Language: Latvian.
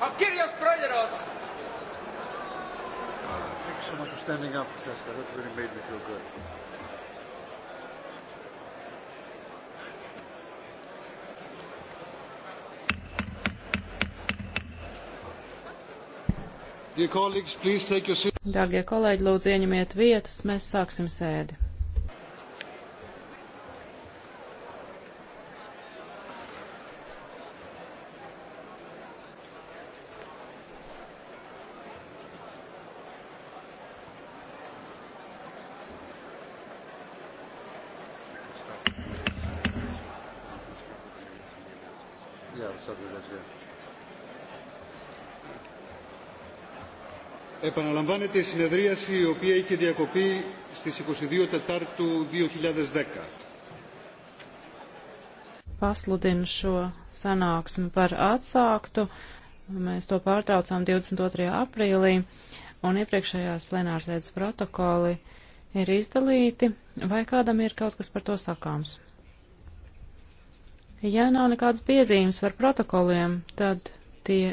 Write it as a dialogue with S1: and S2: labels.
S1: Κύριος Πρόεδρος.
S2: Ah, thank you so much for standing up, Francesca. That really made me feel good.
S3: Dear colleagues,
S4: please take your seat. Dārgie kolēģi, lūdzu ieņemiet vietas, mēs sāksim sēdi.
S5: Yeah,
S3: Επαναλαμβάνεται η συνεδρίαση η οποία είχε διακοπεί στις 22 Τετάρτου 2010.
S4: Pasludinu šo sanāksmi par atsāktu. Mēs to pārtraucām 22. aprīlī un iepriekšējās plenārsēdes protokoli ir izdalīti, vai kādam ir kaut kas par to sakāms? Ja nav nekādas piezīmes par protokoliem, tad tie